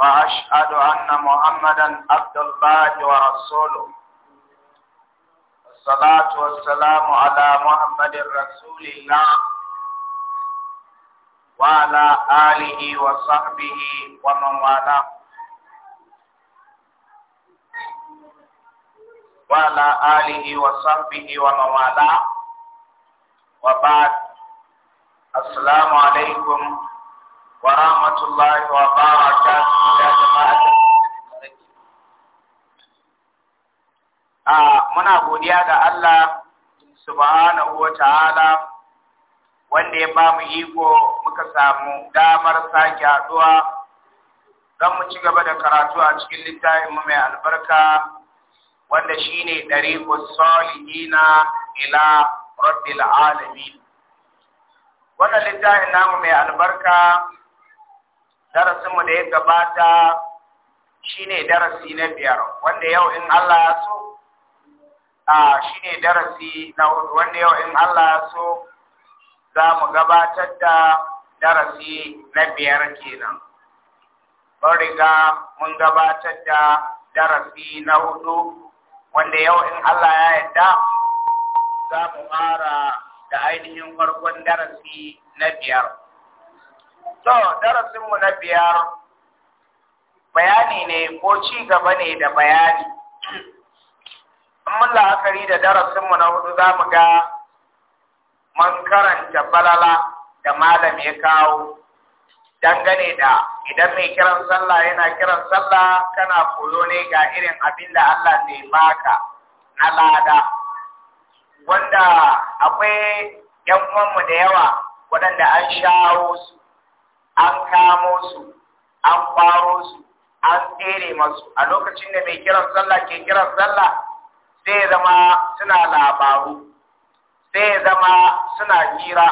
وأشهد أن محمدا عبد الله ورسوله الصلاة والسلام على محمد رسول الله وعلى آله وصحبه ومن والاه وعلى آله وصحبه ومن والاه وبعد السلام عليكم ورحمة الله وبركاته يا جماعة muna godiya ga Allah subhanahu wa ta'ala wanda ya ba mu iko muka samu damar sake haduwa don mu ci gaba da karatu a cikin littafin mu mai albarka wanda shine ɗariƙus salihina ila rabbil alamin wannan littafin namu mai albarka darasinmu da ya gabata shi ne darasi na biyar wanda yau in Allah ya so a shi ne darasi na hudu wanda yau in Allah ya so za mu gabatar da darasi na biyar kenan mun mun gabatar da darasi na hudu wanda yau in Allah ya yadda? za mu fara da ainihin farkon darasi na biyar To, darasinmu na biyar bayani ne ko ci gaba ne da bayani. Mun la'akari da darasinmu na hudu za mu ga man karanta balala da malam ya kawo dangane da idan mai kiran sallah yana kiran sallah kana koyo ne ga irin abin da Allah ne baka na lada. Wanda akwai ‘yan uwanmu da yawa waɗanda an shawo su an kamo su an ƙwaro su an tsere masu a lokacin da mai kiran sallah ke kiran sallah sai zama suna labaru sai zama suna hira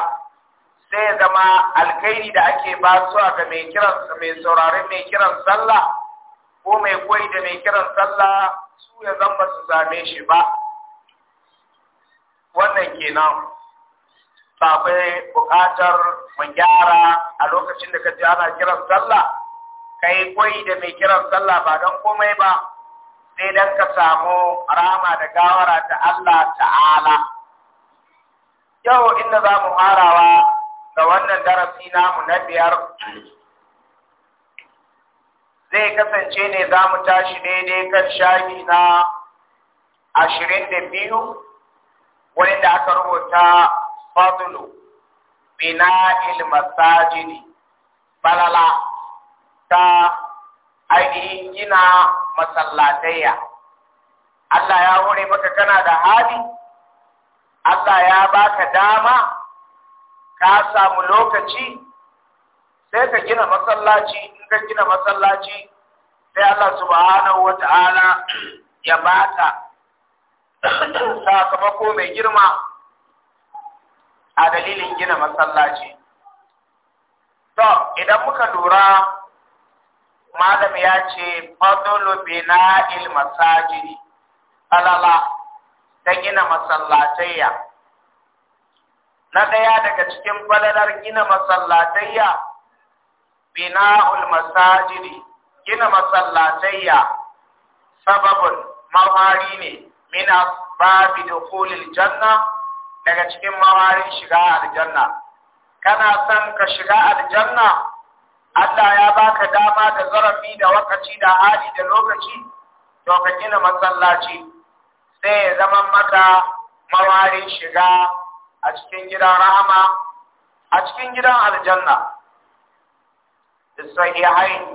sai zama alkhairi da ake ba su ga mai kiran mai sauraron mai kiran sallah ko mai koyi da mai kiran sallah su ya zamba su same shi ba wannan kenan ba akwai buƙatar mu gyara a lokacin da ka ji ana kiran sallah kai koyi da mai kiran sallah ba don komai ba sai dan ka samu rama da gawara ta Allah ta'ala yau inda za mu harawa da wannan darasi namu na biyar zai kasance ne za mu tashi daidai kan shafi na ashirin da biyu wani da aka rubuta fadlu bina'il masajidi balala ta ainihin gina masallatayya Allah ya hore maka kana da hali Allah ya baka dama ka samu lokaci sai ka gina masallaci in ka gina masallaci sai Allah subhanahu wata'ala ya baka sakamako mai girma a dalilin gina masallaci to idan muka lura malam ya ce bina bina'il jiri, alala ta gina masallatayya na ɗaya daga cikin falalar gina masallatayya bina'ul masajiri gina masallatayya Sababin mawari ne mina babi da kulil janna daga cikin mawarin shiga aljanna kana son ka shiga aljanna Allah ya baka dama da zarafi da wakaci da hali da lokaci to ka gina masallaci sai ya zama maka mawarin shiga a cikin gidan rahama a cikin gidan aljanna da sahihai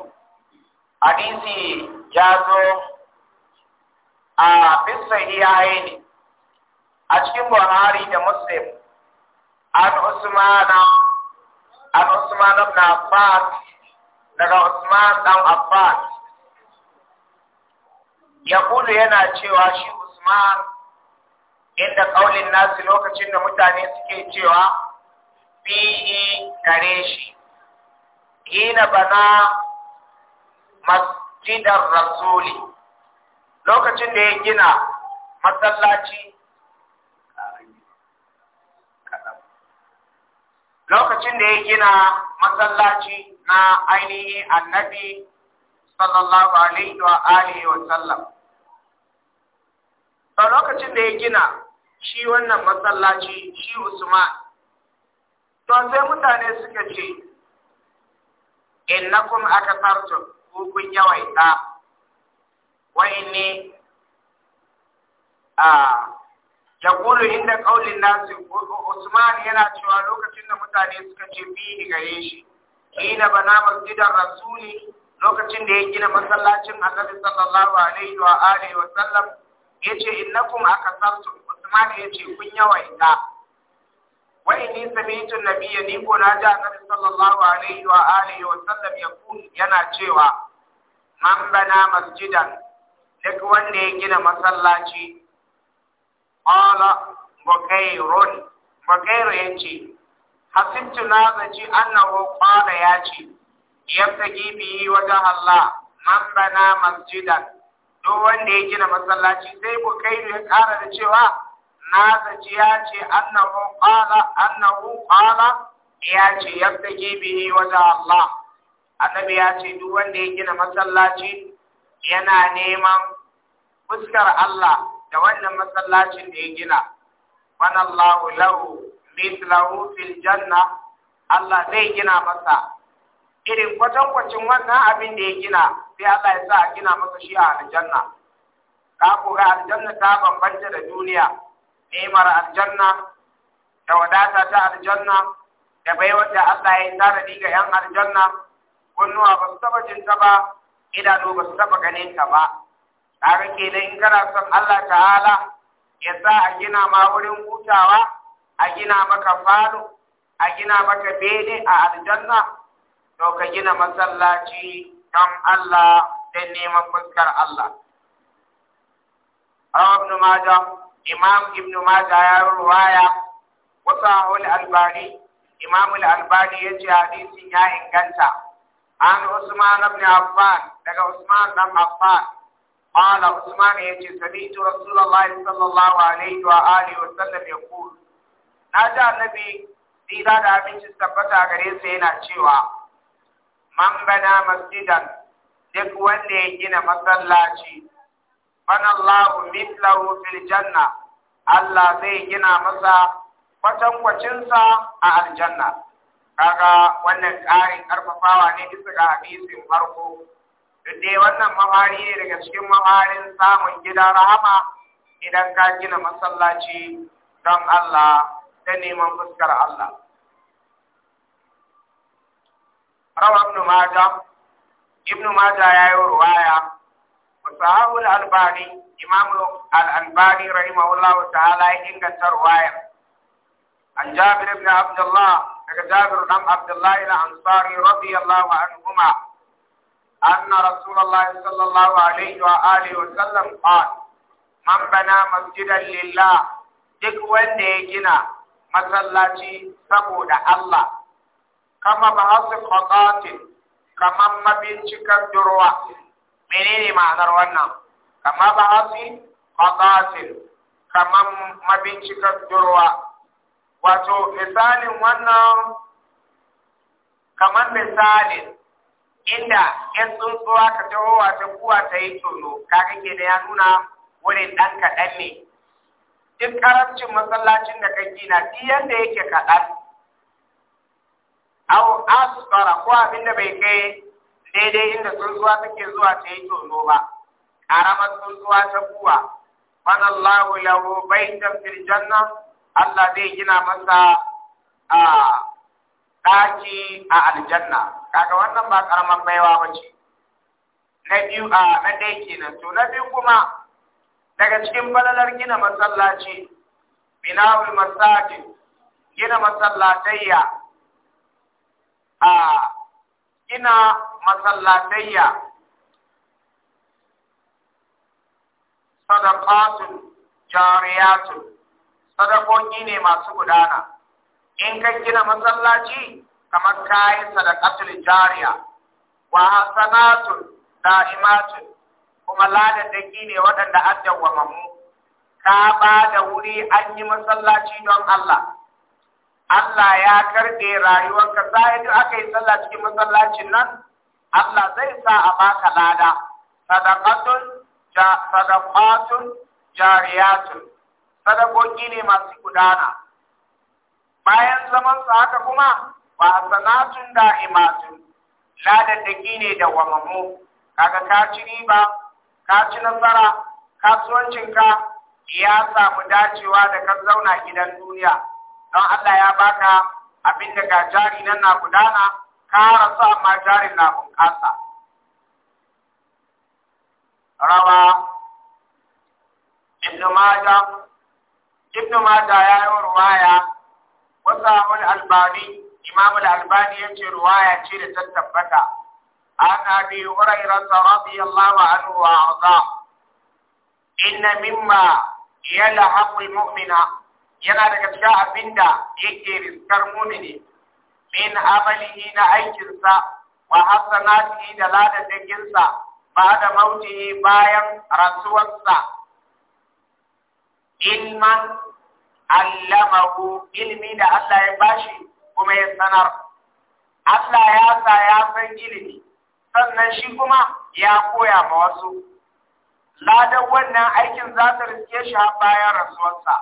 hadisi ya zo a bisa ya ne a cikin buhari da muslim an usmana an usman ibn daga usman dan abbas ya yana cewa shi usman inda kaulin nasu lokacin da mutane suke cewa fiye gare shi hina bana masjidar rasuli lokacin da ya gina masallaci lokacin da ya gina masallaci na ainihin annabi sallallahu alaihi wa alihi wa sallam lokacin da ya gina shi wannan masallaci shi Usman to sai mutane suka ce innakum aka ku kun yawaita wa inni a yaqulu inda qaulin nas Usman yana cewa lokacin da mutane suka ce bihi gare shi kina bana masjidar rasuli lokacin da ya gina masallacin Annabi sallallahu alaihi wa alihi wa sallam yace innakum akasartu Usman yace kun yawaita wa inni sami'tu nabiyya ni ko na ji Annabi sallallahu alaihi wa alihi wa sallam yakun yana cewa man bana masjidan duk wanda ya gina masallaci qala bukairun bukairu yace hasibtu na zaci annahu qala yace yabtagi bihi wajen Allah man bana masjidan duk wanda ya gina masallaci sai bukairu ya kara da cewa na zaci ya ce annahu qala ya ce yabtagi bihi wajen Allah annabi ya ce duk wanda ya gina masallaci yana neman fuskar Allah da wannan masallacin da ya gina man Allahu lahu mithlahu fil janna Allah zai gina masa irin kwatankwacin wannan abin da ya gina sai Allah ya sa a gina masa shi a aljanna ka ga aljanna ta bambanta da duniya nemar aljanna da wadata ta aljanna da baiwar da Allah ya tanadi ga 'yan aljanna kunnuwa ba su taba jinta ba idanu ba su taba ganin ta ba kaga kenan in kana son Allah ta'ala ya sa a gina ma wurin hutawa a gina maka falo a gina maka bene a aljanna to ka gina masallaci don Allah don neman fuskar Allah Ibn Majah, Imam Ibn Majah ya ruwaya wasu albani, Imam al-albani ya ce hadisin ya inganta, an Usman ibn Affan daga Usman ibn Affan قال عثمان يجي سمعت رسول الله صلى sallam ya وآله Na ji نجا النبي dira da abinci tabbata gare sa yana cewa man bana masjidan duk wanda ya gina masallaci bana Allahu mithlahu fil janna Allah zai gina masa kwatankwacin sa a aljanna kaga wannan ƙarin karfafawa ne bisa ga hadisin farko duk wannan mafari ne daga cikin mafarin samun gida rahama idan ka gina masallaci don Allah da neman fuskar Allah rawa ibn Majah ibn Majah yayi ruwaya al الألباني Imam al رحمه الله تعالى إن رواية عن جابر بن عبد الله جابر بن عبد الله الأنصاري رضي الله عنهما أن رسول الله صلى الله عليه وآله وسلم قال من بنى مسجدا لله duk wanda ya gina masallaci saboda Allah kama ba hasu kwakwatin kamar mabincikan durwa menene ma'anar wannan kama ba hasu kwakwatin kamar mabincikan durwa wato misalin wannan kamar misalin inda ‘yan tsuntsuwa ka tahowa ta kuwa ta yi tono ka kake da ya nuna wurin ɗan kaɗan ne duk karancin masallacin da kake na shi yadda yake kaɗan au asfara ko abinda bai kai daidai inda tsuntsuwa take zuwa ta yi tono ba ƙaramar tsuntsuwa ta kuwa Allahu, lahu baitan fil janna Allah zai gina masa a ah, ɗaki a aljanna kaga wannan ba karaman baiwa ba ce na biyu a na ɗaya kenan to na biyu kuma daga cikin balalar gina masallaci binawul masajid gina masallatayya a gina masallatayya sadaqatun jariyatun sadakoki ne masu gudana in ka gina masallaci kamar kayan sadaqatul jariya wa hasanatul da'imatul kuma ladan daki ne waɗanda an dawwama mu ka ba da wuri an yi masallaci don Allah Allah ya karɓe rayuwarka sai aka yi sallah cikin masallacin nan Allah zai sa a baka lada sadaqatun jariya tun. sadakoki ne masu gudana bayan zaman sa haka kuma ba sanatun da'imatun ladaddaki ne da wamamu kaga ka ci riba ka ci nasara kasuwancinka ya samu dacewa da kan zauna gidan duniya don Allah ya baka abin da ga jari nan na gudana ka rasu amma jarin na bunƙasa rawa ibnu mata ibnu maja ya yi ruwaya wasu albani imam albani ya ce ruwaya ce da ta tabbata an abi hurairah radiyallahu anhu wa arda inna mimma yalhaqu almu'mina yana daga cikin abinda yake riskar mu'mini min amalihi na aikinsa wa hasanatihi da ladadakinsa ba da mautihi bayan rasuwarsa ilman allamahu ilmi da Allah ya bashi kuma ya sanar Allah ya sa ya san ilimi sannan shi kuma ya koya ma wasu ladan wannan aikin za ta riske shi har bayan rasuwarsa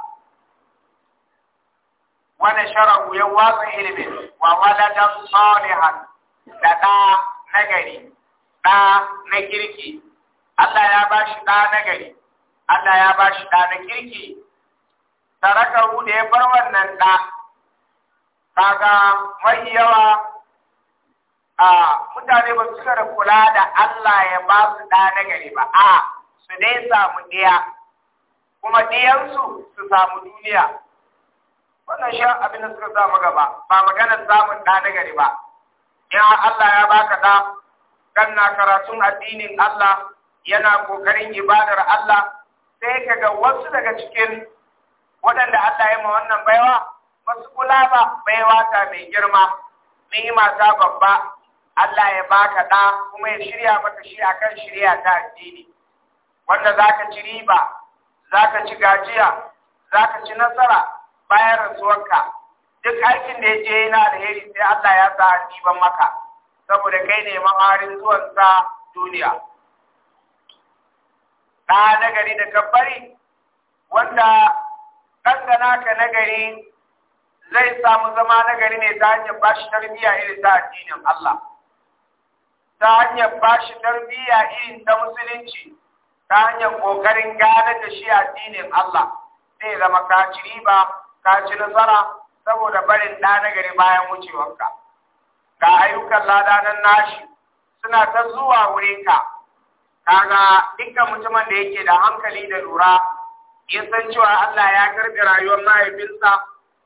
wani sharahu ya watsa ilimin wa waladan salihan da ɗa nagari ɗa na kirki Allah ya bashi ɗa ɗa nagari Allah ya bashi ɗa na kirki Taraka da ya bar wannan ɗa kaga mai yawa a mutane ba su cika da kula da Allah ya ba su ɗa na gari ba a su dai samu ɗiya kuma ɗiyansu su samu duniya wannan shi abin da suka samu gaba ba maganar samun ɗa na gari ba in Allah ya baka ɗa kan na karatun addinin Allah yana kokarin ibadar Allah sai kaga wasu daga cikin waɗanda Allah ya ma wannan baiwa masu kula ba baiwa ta mai girma ni'ima ta babba Allah ya baka da kuma ya shirya maka shi akan shirya ta addini wanda zaka ci riba zaka ci gajiya zaka ci nasara bayan rasuwarka duk aikin da ya je yana da heri sai Allah ya sa diban maka saboda kai ne maharin zuwan sa duniya ɗa nagari da kabbari wanda na ka nagari zai samu zama nagari ne ta hanyar ba shi tarbiya irin ta addinin Allah ta hanyar ba shi tarbiyya irin ta musulunci ta hanyar ƙoƙarin gane da shi addinin Allah zai zama ka riba ka nasara saboda barin ɗa nagari bayan wucewarka ga ayyukan ladanan nashi suna ta zuwa wurinka kaga dukkan mutumin da yake da hankali da lura ya san cewa Allah ya karɓi rayuwar mahaifinsa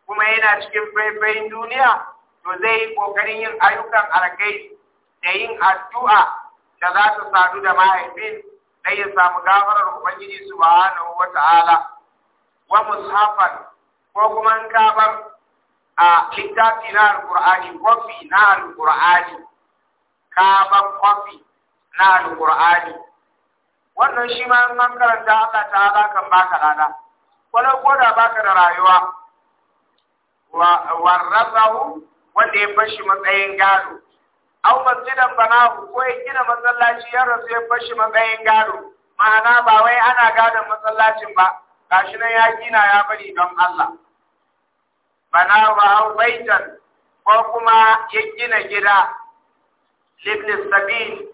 kuma yana cikin faifayin duniya to zai yi ƙoƙarin yin ayyukan alkai da yin addu'a da za ta sadu da mahaifin da ya samu gafarar Ubangiji hana wa ta'ala wa mushafan ko kuma in ka a littafi na alƙur'ani kofi na alƙur'ani kabar kofi na alƙur'ani wannan shi ma in an karanta Allah ta ta'ala kan baka lada wala ko da baka da rayuwa wa warasahu wanda ya bashi matsayin gado aw masjidan banahu ko ya gina masallaci ya rasu ya bashi matsayin gado ma'ana ba wai ana gadon masallacin ba gashi nan ya gina ya bari don Allah banahu aw baitan ko kuma ya gina gida libnis sabil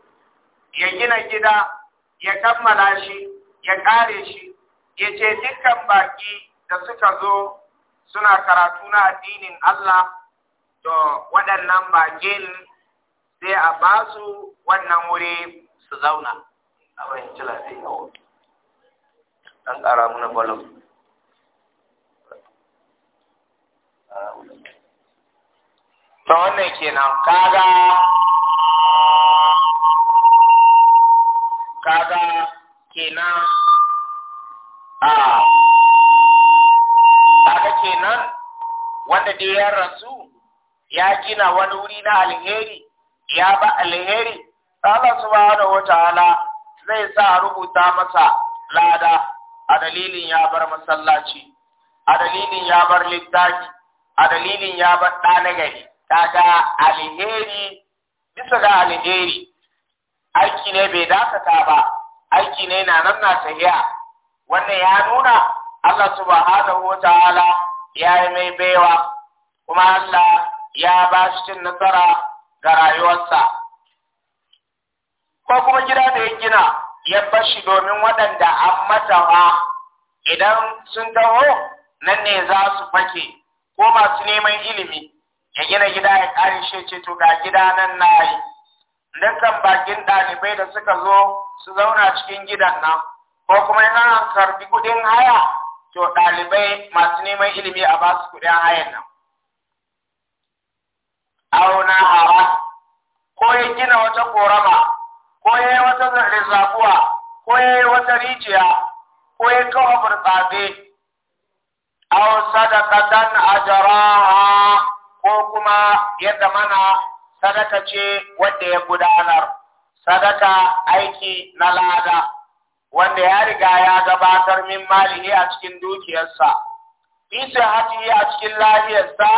ya gina gida ya kammala shi ya kare shi ya ce dukkan baki da suka zo suna karatu na addinin Allah to waɗannan bakin sai a ba su wannan wuri su zauna a ɗan ƙara muna balon ta wannan kenan kaga kenan a ah. kaga kenan wanda dai ya rasu ya gina wani wuri na alheri ya ba alheri Allah subhanahu wataala zai sa rubuta masa lada a dalilin ya bar masallaci a dalilin ya bar littafi a dalilin ya bar ɗana gari kaga alheri bisa ga alheri aiki ne bai dakata ba aiki ne na nan na tahiya wannan ya nuna Allah subhanahu wa ta'ala ya yi mai baiwa kuma Allah ya ba shi cin nasara ga rayuwarsa ko kuma gida da ya gina ya bashi domin waɗanda an mata ba idan sun taho nan ne za su fake ko masu neman ilimi ya gina gida ya ƙarishe ce to ga gida nan na yi dukkan bakin ɗalibai da suka zo su zauna cikin gidan nan ko kuma in an karbi kuɗin haya to ɗalibai masu neman ilimi a ba kuɗin hayan nan auna hawa ko ya gina wata korama ko ya yi wata rizzabuwa ko ya yi wata rijiya ko ya kawo burtsabe sadaka dan ajara ko kuma ya zamana sadaka ce wanda ya gudanar sadaka aiki na lada wanda ya riga ya gabatar min malihi a cikin dukiyarsa fi sihhatihi a cikin lafiyarsa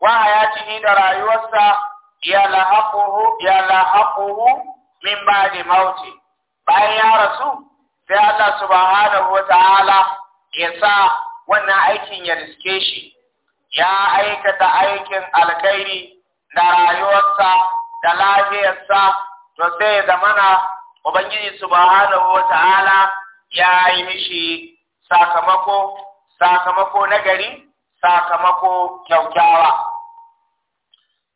wa hayatihi da rayuwarsa ya lahaquhu ya lahaquhu min ba'di mauti bayan ya rasu sai Allah subhanahu wa ta'ala ya sa wannan aikin ya riske shi ya aikata aikin alkhairi da rayuwarsa da lafiyarsa to sai ya zamana ubangiji subhanahu wata'ala ya yi mishi sakamako sakamako na gari sakamako kyaukyawa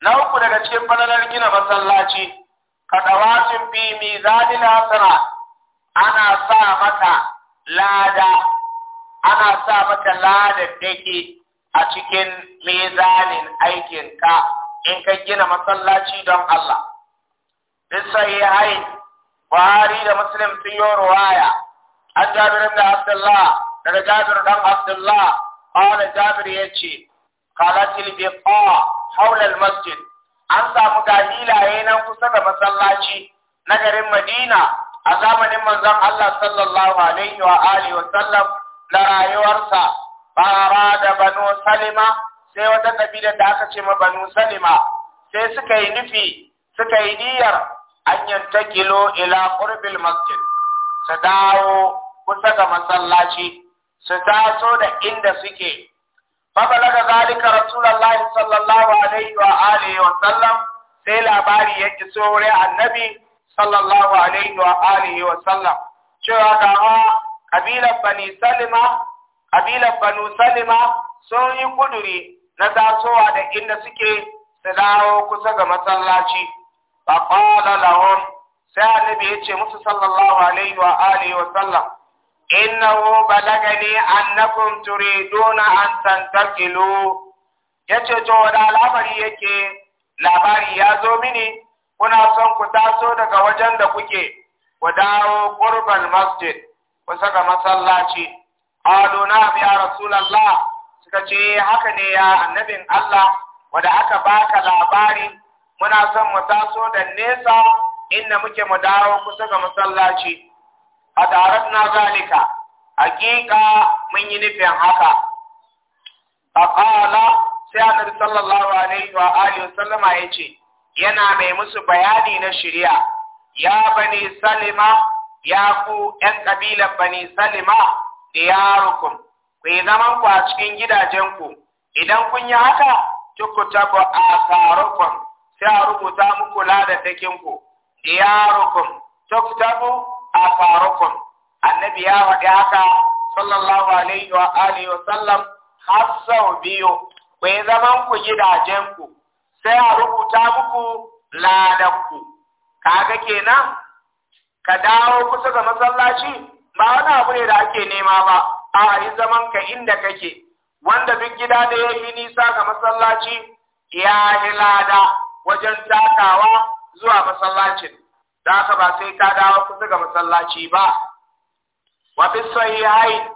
na uku daga cikin fadalar gina masallaci sun fi na sana ana sa mata lada ana sa mata lada dake a cikin mizanin aikinka in ka gina masallaci don Allah duk sahihai Buhari da Muslim sun yi ruwaya an Jabir da Abdullah daga Jabir dan Abdullah qala ya ce. qalatil biqa hawla al-masjid an samu gadilaye nan kusa da masallaci na garin Madina a zamanin manzon Allah sallallahu alaihi wa alihi wa sallam na rayuwarsa bara da banu Salima sai wata kabila da aka ce banu salima sai suka yi nufi suka yi niyyar an ta kilo ila ƙurbil masjid su dawo kusa ga masallaci su taso da inda suke ga zalika rasulullahi sallallahu alaihi wa alihi wa sallam sai labari ya ki so annabi sallallahu alaihi wa alihi wa sallam cewa ga kabilar bani salima kabilar banu salima sun yi kuduri na tasowa da inda suke su dawo kusa ga masallaci fa qala sai annabi ya ce musu sallallahu alaihi wa alihi wa sallam innahu balagani annakum turiduna an tantakilu yace to wani al'amari yake labari ya zo mini kuna son ku taso daga wajen da kuke ku dawo qurban masjid kusa ga masallaci qalu na ya rasulullah suka ce haka ne ya annabin Allah wanda aka baka labari muna son mu taso da nesa inda muke mu dawo kusa ga masallaci a tarar na zalika hakika mun yi nufin haka a ƙala sai annabi sallallahu alaihi wa alihi sallama ya ce yana mai musu bayani na shari'a ya bani salima ya ku ƴan ƙabilar bani salima da ku yi zaman ku a cikin gidajenku idan kun yi haka tukuta ku a tsarukun sai a rubuta muku ladattakinku diyarukun tuktabu a tsarukun annabi ya faɗi haka sallallahu alaihi wa alihi wa sallam har sau biyu ku yi zaman ku gidajenku sai a rubuta muku ladanku kaga kenan ka dawo kusa da masallaci ba wani abu ne da ake nema ba a yi zaman ka inda kake wanda duk gida da ya yi nisa ga masallaci ya yi lada wajen takawa zuwa masallacin da aka ba sai ka dawo kusa ga masallaci ba wa sahihai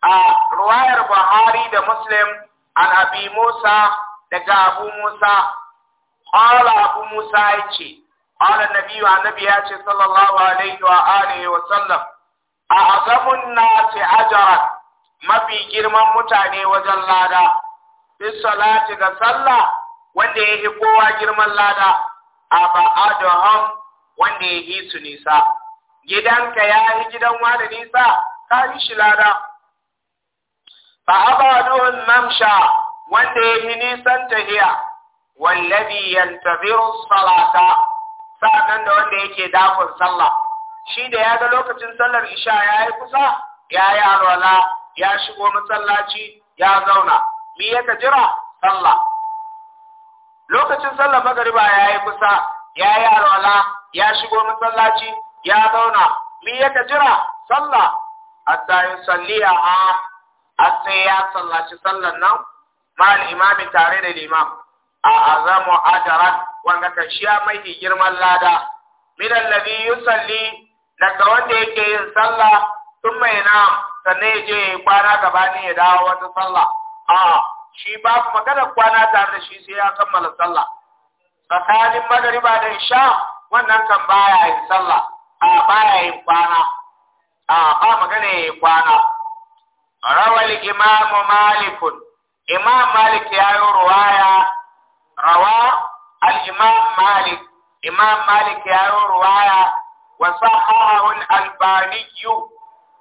a ruwayar Buhari da Muslim an Abi Musa daga Abu Musa kwala Abu Musa ya ce. yace wa nabi ya ce sallallahu alaihi wa alihi wa sallam a azamun na ce ajara mafi girman mutane wajen lada fi salati ga sallah wanda ya yi kowa girman lada a ham wanda ya yi su nisa gidanka ya yi gidan wani nisa ka yi shi lada fa'abadun mamsha wanda ya yi nisan tahiya wallabi yantaziru salata sa'annan da wanda yake dakon sallah shi da ya ga lokacin sallar isha ya yi kusa ya yi alwala ya shigo masallaci ya zauna mi ya ka jira sallah lokacin sallar magariba ya yi kusa ya yi alwala ya shigo masallaci ya zauna mi ya ka jira sallah A tsayin salliya a sai ya sallaci sallar nan mal imami tare da limam a azamu ajaran Wanda kan shi mai girman lada min allazi yusalli daga wanda yake yin sallah sun mai na sannan ya je ya kwana ni ya dawo wata sallah a shi ba ku magana kwana tare da shi sai ya kammala sallah tsakanin magariba da isha wannan kan baya yin sallah a baya yin kwana a ba magana ya yi kwana rawal imamu malikun imam malik ya yi ruwaya rawa al imam malik imam malik ya yi ruwaya وصححه الألباني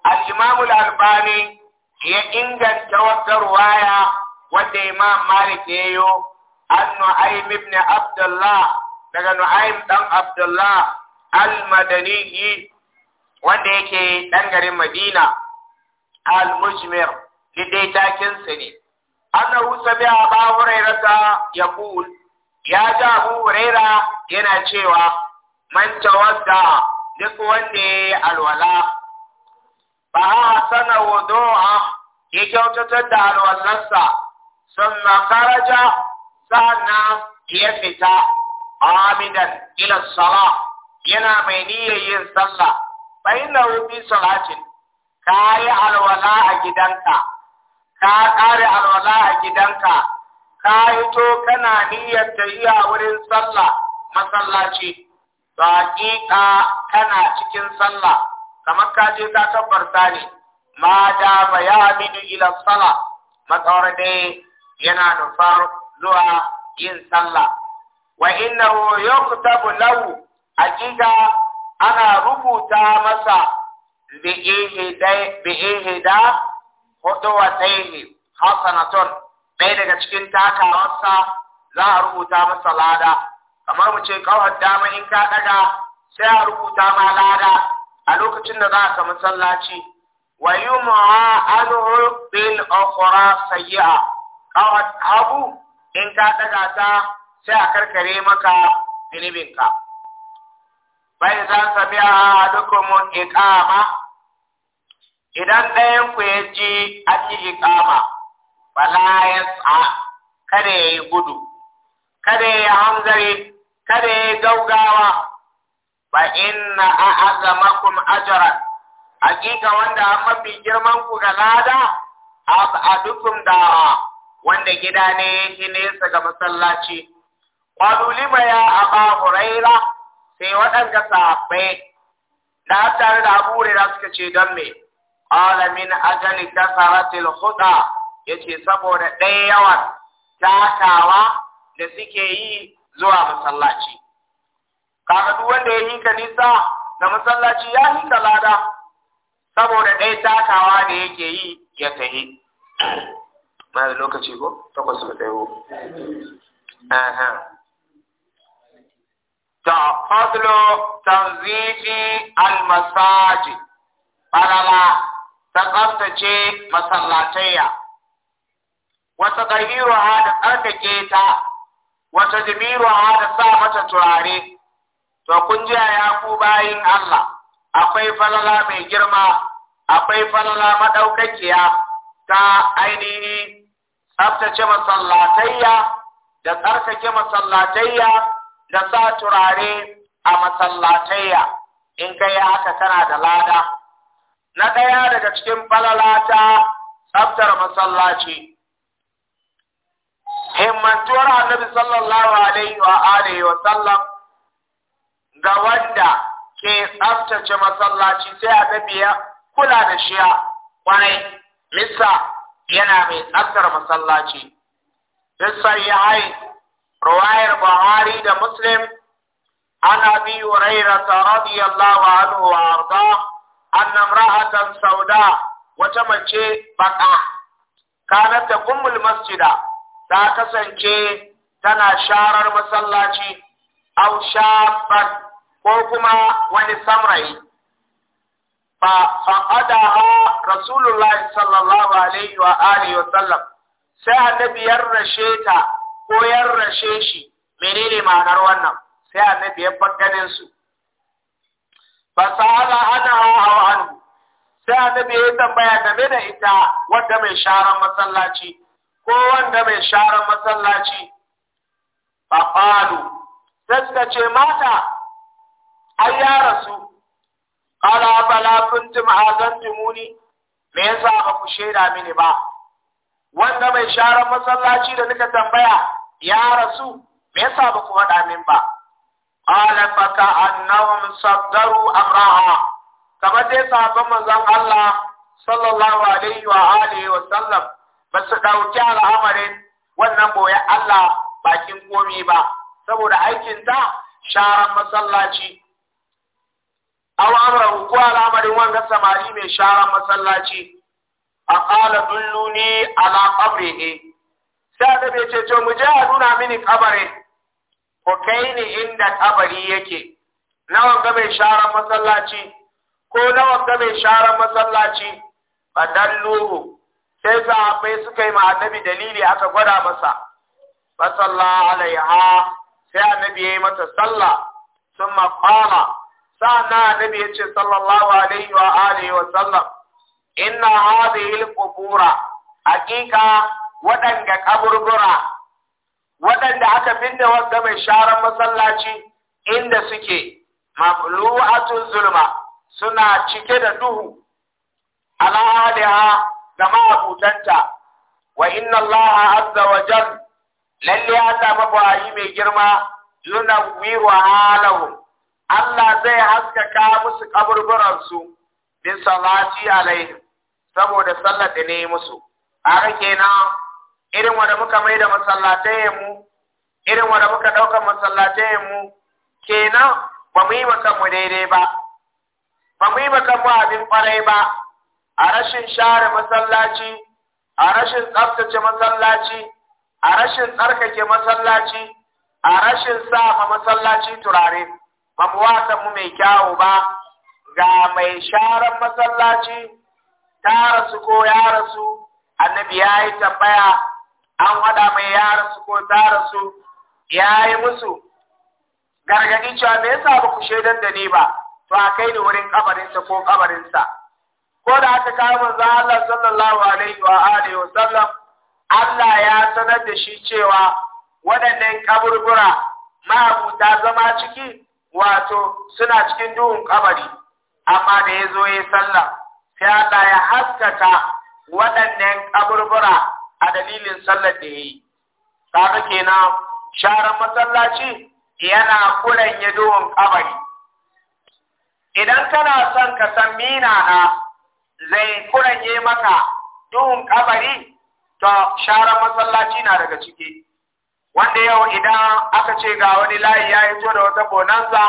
الإمام الألباني هي إنجا توتر رواية ودى إمام مالك يو أن نعيم بن عبد الله daga Nu'aym dan Abdullah al-Madani wanda yake ɗan garin Madina al-Mujmir lidai takin ne annahu sabi'a Abu Hurairah yaqul ya ja Abu Hurairah yana cewa man duk wanda ya yi alwala ba a sana wudu'a ya kyautatar da alwallarsa sun makaraja na ya fita amidan ila sala yana mai niyyar yin sallah bai na wufi salatin ka yi alwala a gidanka ka kare alwala a gidanka ka yi to kana niyyar ta yi a wurin sallah masallaci ba kana cikin sallah kamar ka je ka tabbarta ne ma da bayamidu ila sallah matsawar dai yana nufar zuwa yin sallah wa innahu yuktabu lahu hakika ana rubuta masa bi ihda hudu wa taihi hasanatun Bai daga cikin takawarsa za a rubuta masa lada kamar mu ce kawar dama in ka daga sai a rubuta ma lada a lokacin da za ka masallaci wa yumha anhu bil ukhra a qawat abu in ka daga ta sai a karkare maka zunubinka bai za sami a hukumun ikama idan ɗayan ku ya ji an yi Bala ya tsa kada ya yi gudu kada ya yi hanzari kada ya yi gaugawa Ba inna a'azamakum ajran hakika wanda an mafi girman ku ga lada ab'adukum dara wanda gida ne yake nesa ga masallaci qalu lima ya aba huraira sai wadanka sahabbai da tare da abu huraira suka ce don me qala min ajali kasaratil khuda yace saboda ɗayawan yawan takawa da suke yi zuwa masallaci kaga duk wanda ya hinka nisa da masallaci ya hinka lada saboda ɗaya takawa da yake yi ya tahi Da lokaci ko takwas mu tsayo ta fadlo tanziji almasaji ta tsaftace masallatayya wata ƙarfiruwa da tsarkake ta wata jimiruwa da sa mata turare to kun ji ya ku bayin Allah akwai falala mai girma akwai falala madaukakiya ta ainihi tsaftace masallatayya da tsarkake masallatayya da sa turare a masallatayya in kai haka kana da lada na ɗaya daga cikin falala ta tsaftar masallaci himmantuwar annabi sallallahu alaihi wa alihi wa sallam ga wanda ke tsabtace masallaci sai annabi ya kula da shi kwanai misa yana mai tsabtar masallaci sai ya hai ruwayar Buhari da Muslim عن أبي هريرة رضي الله عنه وأرضاه أن امرأة سوداء وتمشي بقى كانت تقوم المسجد لا تسنشي تنا شارر مسلاتي أو شابا ko kuma wani samrayi fa ha rasulullahi sallallahu alaihi wa alihi wa sallam sai annabi ya rashe ta ko ya rashe shi menene ma'anar wannan sai annabi ya fakkanin su sa ala ana hawa an sai annabi ya tambaya game da ita wanda mai sharan masallaci ko wanda mai sharan masallaci ba qalu sai suka ce mata An ya rasu qala bala kuntum timuni me yasa ba ku shaida mini ba wanda mai share masallaci da nika tambaya ya rasu me yasa ba ku faɗa min ba qala faka annahum saddaru amraha kamar dai sahabban manzon Allah sallallahu alaihi wa alihi wa sallam ba su dauki al'amarin wannan boye Allah bakin komi ba saboda aikin ta sharan masallaci aw amrahu ko al'amarin wanga samari mai shara masallaci a qala dulluni ala qabrihi sai da bai ce to mu je a nuna mini kabare ko kai ni inda kabari yake na wanga mai shara masallaci ko na wanga mai shara masallaci fadalluhu sai sahabbai suka yi ma annabi dalili aka gwada masa fasalla alaiha sai annabi ya yi masa sallah sun maƙala na annabi yace sallallahu alaihi wa alihi wa sallam Ina hadhihi al-qubura hakika waɗanda ƙaburbura waɗanda aka binne wanda mai sharan masallaci inda suke maflu'atun zulma suna cike da duhu al'ada aliha da ma'abutanta wa inna allaha azza wa jal lalle ya ta mabayi mai girma wiwa halahum Allah zai haskaka musu kaburburansu bin salati alaihi saboda sallar da ne musu haka kenan irin wanda muka mai da masallatai mu irin wanda muka ɗaukar masallatai mu kenan ba mu yi maka kanmu daidai ba ba mu yi maka kanmu abin ƙwarai ba a rashin share masallaci a rashin tsaftace masallaci a rashin tsarkake masallaci a rashin sa masallaci turare ba mu wasa mu mai kyawu ba ga mai sharan masallaci ta rasu ko ya rasu annabi ya yi tambaya an haɗa mai ya rasu ko ta rasu ya yi musu gargadi cewa me yasa ba ku shaidar da ni ba to a kai ni wurin kabarinsa ko kabarinsa ko da aka kawo manzo Allah sallallahu alaihi wa alihi wa Allah ya sanar da shi cewa waɗannan kaburbura ma'abuta zama ciki wato suna cikin duhun kabari amma da ya zo ya sallah sai Allah ya haskaka waɗannan kaburbura a dalilin sallar da ya yi kaga kenan sharan masallaci yana kuren ya duhun kabari idan kana son ka san mina na zai kuren maka duhun kabari to sharan masallaci na daga ciki wanda yau idan aka ce ga wani layi ya yi da wata bonansa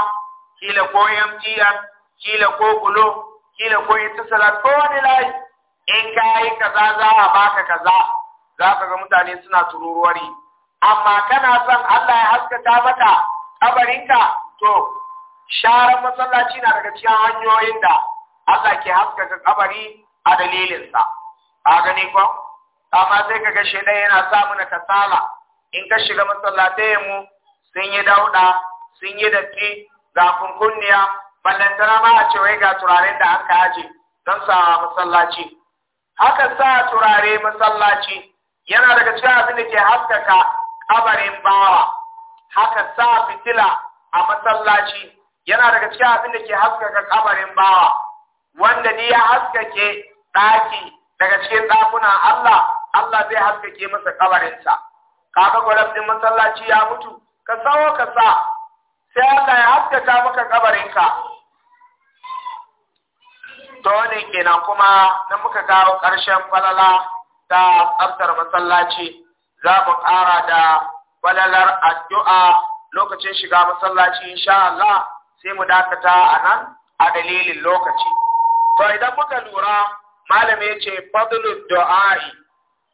kila ko MTN kila ko gulo kila ko Etisalat ko wani layi in ka yi kaza za a baka kaza za ka ga mutane suna tururuwari amma kana son Allah ya haskaka maka kabarinka to sharan masallaci na daga cikin hanyoyin da Allah ke haskaka kabari a dalilinsa a gani ko amma sai ka ga yana samu na kasala in ka shiga masallatayen mu sun yi dauɗa, sun yi datti ga kunkunniya ballantana ma a cewa ga turaren da aka aje don sa masallaci haka sa turare masallaci yana daga cikin abin da ke haskaka kabarin bawa haka sa fitila a masallaci yana daga cikin abin da ke haskaka kabarin bawa wanda ni ya haskake ɗaki daga cikin ɗakunan Allah Allah zai haskake masa kabarinsa ga gwarab din masallaci ya mutu ka sawo ka sa sai Allah ya haskaka maka kabarinka to ne kenan kuma na muka kawo ƙarshen falala ta tsaftar masallaci za mu ƙara da falalar addu'a lokacin shiga masallaci insha Allah sai mu dakata a nan a dalilin lokaci to idan muka lura malami ya ce fadlul du'a'i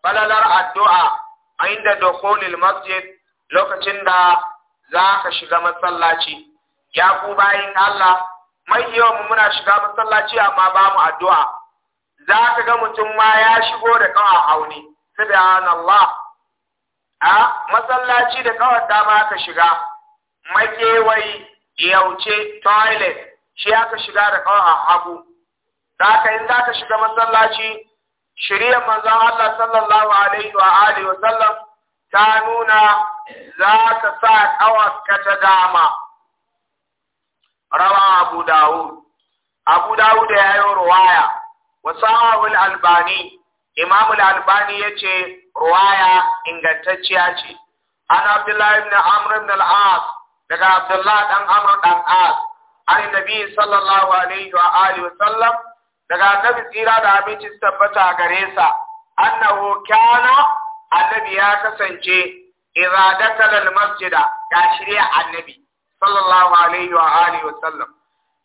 falalar addu'a inda dukhulil masjid lokacin da za ka shiga masallaci ya ku bayin Allah mai mu muna shiga masallaci amma ba mu addu'a za ka ga mutum ma ya shigo da kawa hauni Allah. a masallaci da kawar dama ka shiga makewayi yauce toilet shi aka shiga da kawa hagu za ka in za ka shiga masallaci shirya manzon Allah sallallahu alaihi wa alihi wa sallam ta nuna za ta sa kawarka ta dama rawa Abu Dawud Abu Dawud ya yi ruwaya wa sahabul albani Imam al-Albani yace ruwaya ingantacciya ce an Abdullahi ibn Amr ibn al-As daga Abdullahi dan Amr dan As an Nabi sallallahu alaihi wa alihi wa sallam daga annabi tsira da abinci su tabbata gare sa annahu kana annabi ya kasance idza dakala almasjida ya shirya annabi sallallahu alaihi wa alihi wa sallam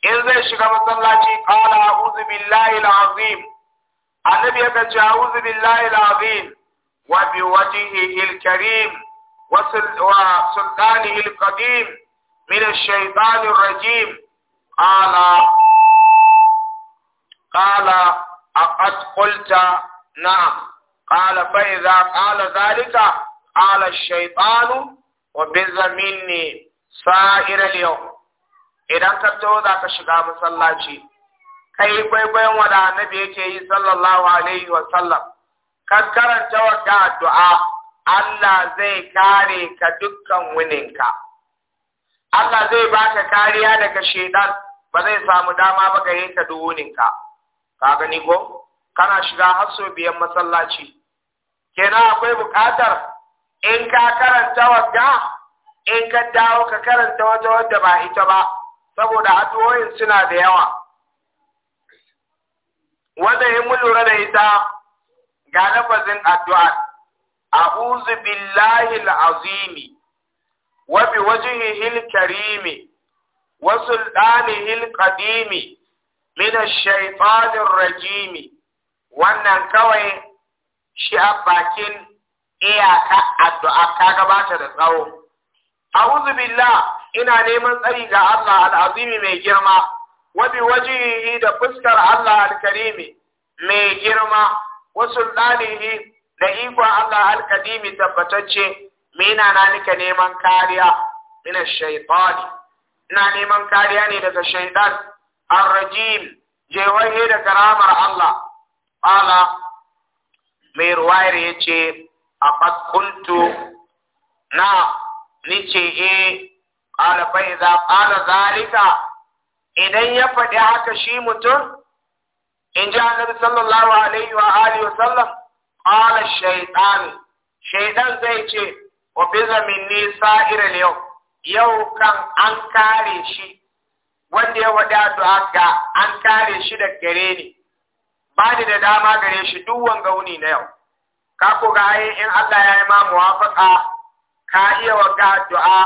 in zai shiga masallaci qala a'udhu billahi alazim annabi ya ce a'udhu billahi alazim wa bi wajhihi alkarim wa sultanihi alqadim min ash-shaytanir rajim qala qala a qulta na'am qala fa idza qala zalika qala ash-shaytanu wa bizza minni sa'ira al idan ka to za ka shiga masallaci kai kwaikwayon wada biyu yake yi sallallahu alaihi wa sallam ka karanta wata addu'a Allah zai kare ka dukkan wuninka Allah zai baka kariya daga shaidan ba zai samu dama ba gare ka duk wuninka ka gani ko kana shiga har biyan masallaci kenan akwai buƙatar in ka karanta wadda in ka dawo ka karanta wata wadda ba ita ba saboda addu'o'in suna da yawa wanda in mun lura da ita ga lafazin addu'a a'udhu billahi al-azim wa bi wajhihi al-karim wa sultanihi al-qadim من الشيطان rajimi wannan kawai shi a bakin iyaka addu'a ka gabata da tsawo. A'udhu billah ina neman tsari ga Allah al al'azimi mai girma, bi wajhihi da fuskar Allah al-karimi mai girma, wasu sultanihi da ikon Allah al-kadimi tabbatacce, mina na nika neman kariya, mina shaitani, ina neman kariya ne daga shaytan الرجيم ya دا da الله Allah mai ruwayar ya ce a fatkuntu na nice e ƙalafai za ƙala zalika idan ya faɗi haka shi mutum in ji annabi sallallahu alaihi wa alihi wa sallam ƙala shaiɗan shaiɗan zai ce wa nisa irin yau yau kan an kare shi wanda ya faɗi addu'a ga an kare shi da gare ni ba ni da dama gare shi duk wanga wuni na yau ka ko ga ai in Allah ya yi ma muwafaqa ka iya wanga du'a?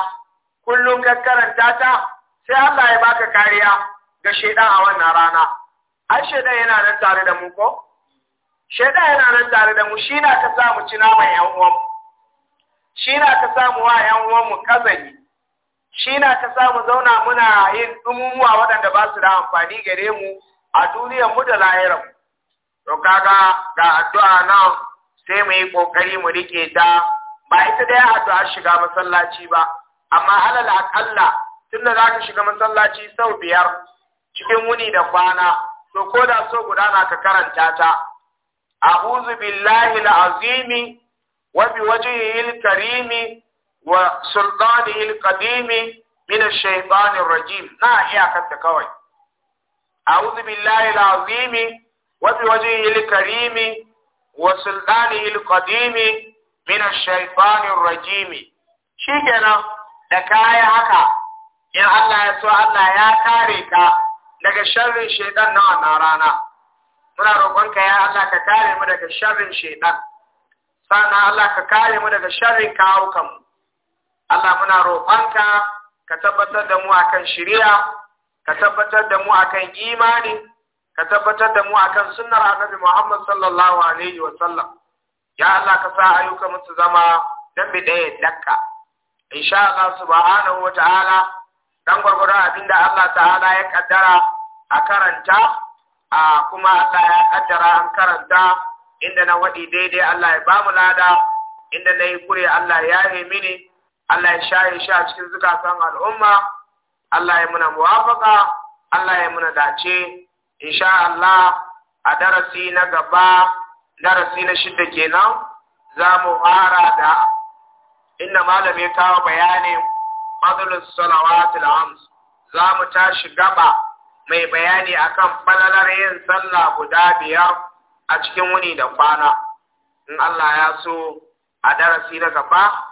kullum ka karanta ta sai Allah ya baka kariya ga shedan a wannan rana ai shedan yana nan tare da mu ko shedan yana nan tare da mu shi na ka samu mu ci naman yan uwan mu shi na ka samu mu wa yan uwan mu kazani shi na ta samu zauna muna yin dumumuwa waɗanda ba su da amfani gare mu a duniyar mu da lahirar to kaga ga addu'a nan sai mu yi kokari mu rike ta ba ita dai addu'a shiga masallaci ba amma alal akalla tunda za ka shiga masallaci sau biyar cikin wuni da kwana to ko da so guda na ka karanta ta a'udhu billahi al-azimi wa bi wajhihi al-karimi وسلطانه القديم من الشيطان الرجيم نا إياك كوي أعوذ بالله العظيم وبوجهه الكريم وسلطانه القديم من الشيطان الرجيم shi kenan da kaya haka in Allah ya so Allah ya kare ka daga sharrin shaidan na wannan rana muna roƙonka ya Allah ka kare mu daga sharrin shaidan sannan Allah ka kare mu daga sharrin kawukanmu Allah muna roƙonka ka tabbatar da mu akan shari'a ka tabbatar da mu akan imani ka tabbatar da mu akan sunnar annabi Muhammad sallallahu alaihi wa sallam ya Allah ka sa ayyuka musu zama dan bi daya dakka insha Allah subhanahu wa ta'ala dan abin abinda Allah ta'ala ya kaddara a karanta a kuma Allah ya kaddara an karanta inda na wadi daidai Allah ya bamu lada inda na yi kure Allah ya yi mini Allah ya shaye shi a cikin zukatan al'umma Allah ya muna muwafaka Allah ya muna dace insha Allah a darasi na gaba darasi na shidda kenan za mu fara da inda malam ya kawo bayanin madalus salawatul hams za mu tashi gaba mai bayani akan falalar yin sallah guda biyar a cikin wuni da kwana in Allah ya so a darasi na gaba